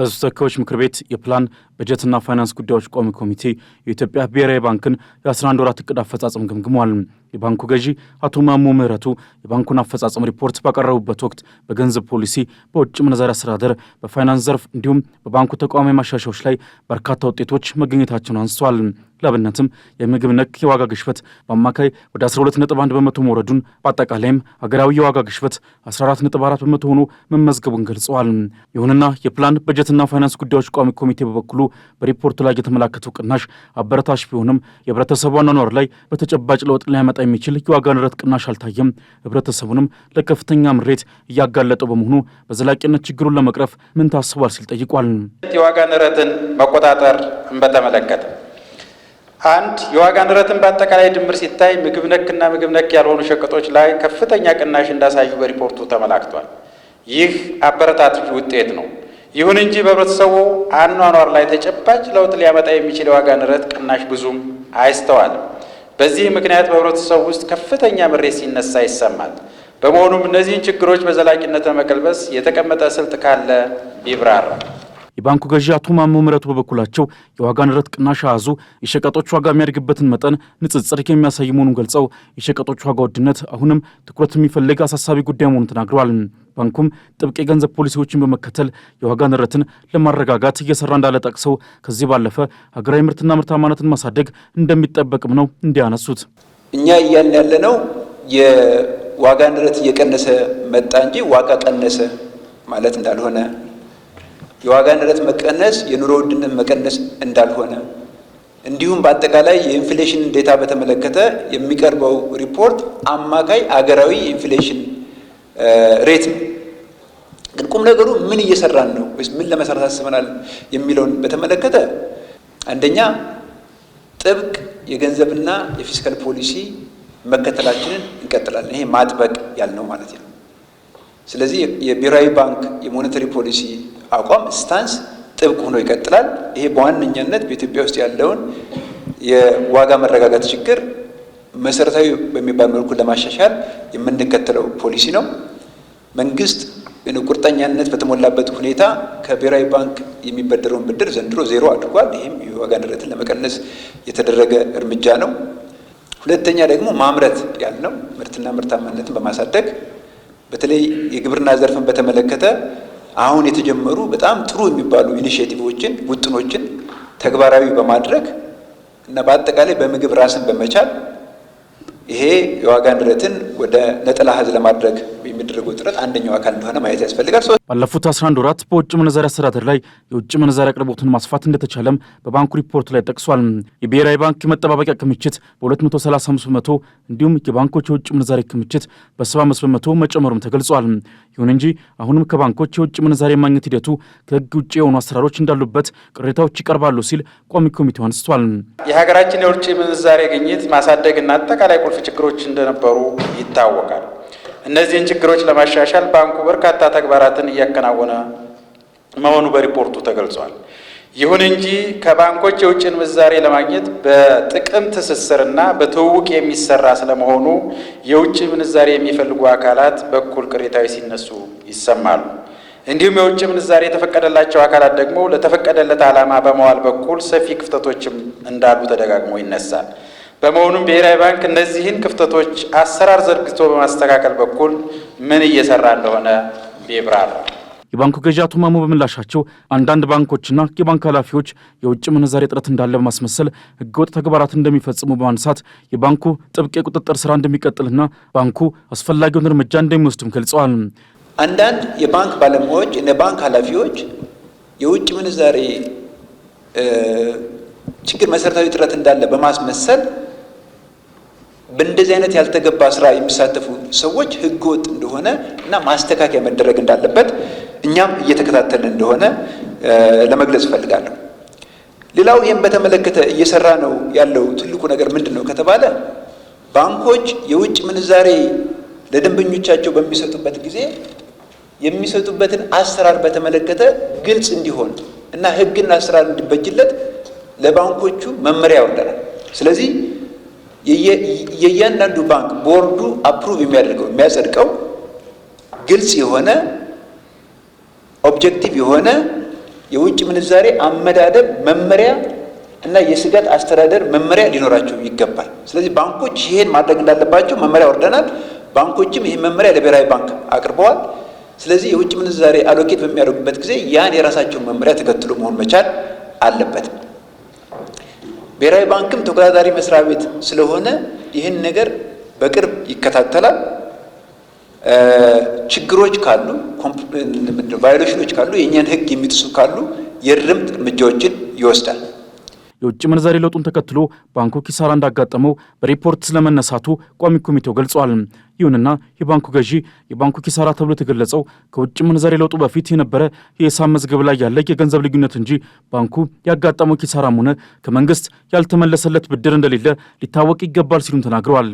በሕዝብ ተወካዮች ምክር ቤት የፕላን በጀትና ፋይናንስ ጉዳዮች ቋሚ ኮሚቴ የኢትዮጵያ ብሔራዊ ባንክን የ11 ወራት እቅድ አፈጻጸም ገምግሟል። የባንኩ ገዢ አቶ ማሞ ምህረቱ የባንኩን አፈጻጸም ሪፖርት ባቀረቡበት ወቅት በገንዘብ ፖሊሲ፣ በውጭ ምንዛሪ አስተዳደር፣ በፋይናንስ ዘርፍ እንዲሁም በባንኩ ተቋማዊ ማሻሻዎች ላይ በርካታ ውጤቶች መገኘታቸውን አንስተዋል። ለአብነትም የምግብ ነክ የዋጋ ግሽበት በአማካይ ወደ 12.1 በመቶ መውረዱን በአጠቃላይም ሀገራዊ የዋጋ ግሽበት 14.4 በመቶ ሆኖ መመዝገቡን ገልጸዋል። ይሁንና የፕላን በጀትና ፋይናንስ ጉዳዮች ቋሚ ኮሚቴ በበኩሉ በሪፖርቱ ላይ የተመላከተው ቅናሽ አበረታሽ ቢሆንም የህብረተሰቡ አኗኗር ላይ በተጨባጭ ለውጥ ሊያመጣ ሊያመጣ የሚችል የዋጋ ንረት ቅናሽ አልታየም። ህብረተሰቡንም ለከፍተኛ ምሬት እያጋለጠው በመሆኑ በዘላቂነት ችግሩን ለመቅረፍ ምን ታስቧል ሲል ጠይቋል። የዋጋ ንረትን መቆጣጠር በተመለከተ አንድ የዋጋ ንረትን በአጠቃላይ ድምር ሲታይ ምግብ ነክና ምግብ ነክ ያልሆኑ ሸቀጦች ላይ ከፍተኛ ቅናሽ እንዳሳዩ በሪፖርቱ ተመላክቷል። ይህ አበረታች ውጤት ነው። ይሁን እንጂ በህብረተሰቡ አኗኗር ላይ ተጨባጭ ለውጥ ሊያመጣ የሚችል የዋጋ ንረት ቅናሽ ብዙም አይስተዋልም። በዚህ ምክንያት በህብረተሰቡ ውስጥ ከፍተኛ ምሬት ሲነሳ ይሰማል። በመሆኑም እነዚህን ችግሮች በዘላቂነት ለመቀልበስ የተቀመጠ ስልት ካለ ቢብራራ። የባንኩ ገዢ አቶ ማሞ ምረቱ በበኩላቸው የዋጋ ንረት ቅናሽ አሃዙ የሸቀጦች ዋጋ የሚያድግበትን መጠን ንጽጽር የሚያሳይ መሆኑን ገልጸው የሸቀጦች ዋጋ ውድነት አሁንም ትኩረት የሚፈልግ አሳሳቢ ጉዳይ መሆኑን ተናግረዋል። ባንኩም ጥብቅ የገንዘብ ፖሊሲዎችን በመከተል የዋጋ ንረትን ለማረጋጋት እየሰራ እንዳለ ጠቅሰው ከዚህ ባለፈ ሀገራዊ ምርትና ምርታማነትን ማሳደግ እንደሚጠበቅም ነው እንዲያነሱት። እኛ እያን ነው የዋጋ ንረት እየቀነሰ መጣ እንጂ ዋጋ ቀነሰ ማለት እንዳልሆነ የዋጋ ንረት መቀነስ የኑሮ ውድነት መቀነስ እንዳልሆነ እንዲሁም በአጠቃላይ የኢንፍሌሽን ዴታ በተመለከተ የሚቀርበው ሪፖርት አማካይ አገራዊ የኢንፍሌሽን ሬት ነው። ግን ቁም ነገሩ ምን እየሰራን ነው ወይስ ምን ለመስራት አስበናል የሚለውን በተመለከተ አንደኛ ጥብቅ የገንዘብና የፊስካል ፖሊሲ መከተላችንን እንቀጥላለን። ይሄ ማጥበቅ ያልነው ማለት ነው። ስለዚህ የብሔራዊ ባንክ የሞኔተሪ ፖሊሲ አቋም ስታንስ ጥብቅ ሆኖ ይቀጥላል። ይሄ በዋነኛነት በኢትዮጵያ ውስጥ ያለውን የዋጋ መረጋጋት ችግር መሰረታዊ በሚባል መልኩ ለማሻሻል የምንከተለው ፖሊሲ ነው። መንግስት ቁርጠኛነት በተሞላበት ሁኔታ ከብሔራዊ ባንክ የሚበደረውን ብድር ዘንድሮ ዜሮ አድርጓል። ይህም የዋጋ ንረትን ለመቀነስ የተደረገ እርምጃ ነው። ሁለተኛ ደግሞ ማምረት ያልነው ምርትና ምርታማነትን በማሳደግ በተለይ የግብርና ዘርፍን በተመለከተ አሁን የተጀመሩ በጣም ጥሩ የሚባሉ ኢኒሽቲቮችን፣ ውጥኖችን ተግባራዊ በማድረግ እና በአጠቃላይ በምግብ ራስን በመቻል ይሄ የዋጋ ንረትን ወደ ነጠላ ህዝ ለማድረግ የሚደረገው ጥረት አንደኛው አካል እንደሆነ ማየት ያስፈልጋል። ባለፉት 11 ወራት በውጭ ምንዛሪ አስተዳደር ላይ የውጭ ምንዛሪ አቅርቦትን ማስፋት እንደተቻለም በባንኩ ሪፖርት ላይ ጠቅሷል። የብሔራዊ ባንክ የመጠባበቂያ ክምችት በ235 በመቶ እንዲሁም የባንኮች የውጭ ምንዛሪ ክምችት በ75 በመቶ መጨመሩም ተገልጿል። ይሁን እንጂ አሁንም ከባንኮች የውጭ ምንዛሪ የማግኘት ሂደቱ ከህግ ውጭ የሆኑ አሰራሮች እንዳሉበት ቅሬታዎች ይቀርባሉ ሲል ቋሚ ኮሚቴው አንስቷል። የሀገራችን የውጭ ምንዛሪ ግኝት ማሳደግና አጠቃላይ ቁልፍ ችግሮች እንደነበሩ ይታወቃል። እነዚህን ችግሮች ለማሻሻል ባንኩ በርካታ ተግባራትን እያከናወነ መሆኑ በሪፖርቱ ተገልጿል። ይሁን እንጂ ከባንኮች የውጭ ምንዛሬ ለማግኘት በጥቅም ትስስርና በትውውቅ የሚሰራ ስለመሆኑ የውጭ ምንዛሬ የሚፈልጉ አካላት በኩል ቅሬታዊ ሲነሱ ይሰማሉ። እንዲሁም የውጭ ምንዛሬ የተፈቀደላቸው አካላት ደግሞ ለተፈቀደለት ዓላማ በመዋል በኩል ሰፊ ክፍተቶችም እንዳሉ ተደጋግሞ ይነሳል። በመሆኑም ብሔራዊ ባንክ እነዚህን ክፍተቶች አሰራር ዘርግቶ በማስተካከል በኩል ምን እየሰራ እንደሆነ ቢብራራ። የባንኩ ገዢ አቶ ማሞ በምላሻቸው አንዳንድ ባንኮችና የባንክ ኃላፊዎች የውጭ ምንዛሪ እጥረት እንዳለ በማስመሰል ህገወጥ ተግባራት እንደሚፈጽሙ በማንሳት የባንኩ ጥብቅ የቁጥጥር ስራ እንደሚቀጥልና ባንኩ አስፈላጊውን እርምጃ እንደሚወስድም ገልጸዋል። አንዳንድ የባንክ ባለሙያዎች እና ባንክ ኃላፊዎች የውጭ ምንዛሬ ችግር መሰረታዊ እጥረት እንዳለ በማስመሰል በእንደዚህ አይነት ያልተገባ ስራ የሚሳተፉ ሰዎች ህገ ወጥ እንደሆነ እና ማስተካከያ መደረግ እንዳለበት እኛም እየተከታተልን እንደሆነ ለመግለጽ እፈልጋለሁ። ሌላው ይህም በተመለከተ እየሰራ ነው ያለው ትልቁ ነገር ምንድን ነው ከተባለ ባንኮች የውጭ ምንዛሬ ለደንበኞቻቸው በሚሰጡበት ጊዜ የሚሰጡበትን አሰራር በተመለከተ ግልጽ እንዲሆን እና ህግና አሰራር እንዲበጅለት ለባንኮቹ መመሪያ ያወርዳል። ስለዚህ የእያንዳንዱ ባንክ ቦርዱ አፕሩቭ የሚያደርገው የሚያጸድቀው ግልጽ የሆነ ኦብጀክቲቭ የሆነ የውጭ ምንዛሬ አመዳደብ መመሪያ እና የስጋት አስተዳደር መመሪያ ሊኖራቸው ይገባል። ስለዚህ ባንኮች ይሄን ማድረግ እንዳለባቸው መመሪያ ወርደናል። ባንኮችም ይህን መመሪያ ለብሔራዊ ባንክ አቅርበዋል። ስለዚህ የውጭ ምንዛሬ አሎኬት በሚያደርጉበት ጊዜ ያን የራሳቸውን መመሪያ ተከትሎ መሆን መቻል አለበት። ብሔራዊ ባንክም ተቆጣጣሪ መስሪያ ቤት ስለሆነ ይህን ነገር በቅርብ ይከታተላል። ችግሮች ካሉ ቫዮሌሽኖች ካሉ የእኛን ህግ የሚጥሱ ካሉ የርምጥ እርምጃዎችን ይወስዳል። የውጭ ምንዛሬ ለውጡን ተከትሎ ባንኩ ኪሳራ እንዳጋጠመው በሪፖርት ስለመነሳቱ ቋሚ ኮሚቴው ገልጿል። ይሁንና የባንኩ ገዢ የባንኩ ኪሳራ ተብሎ የተገለጸው ከውጭ ምንዛሬ ለውጡ በፊት የነበረ የሂሳብ መዝገብ ላይ ያለ የገንዘብ ልዩነት እንጂ ባንኩ ያጋጠመው ኪሳራም ሆነ ከመንግስት ያልተመለሰለት ብድር እንደሌለ ሊታወቅ ይገባል ሲሉም ተናግረዋል።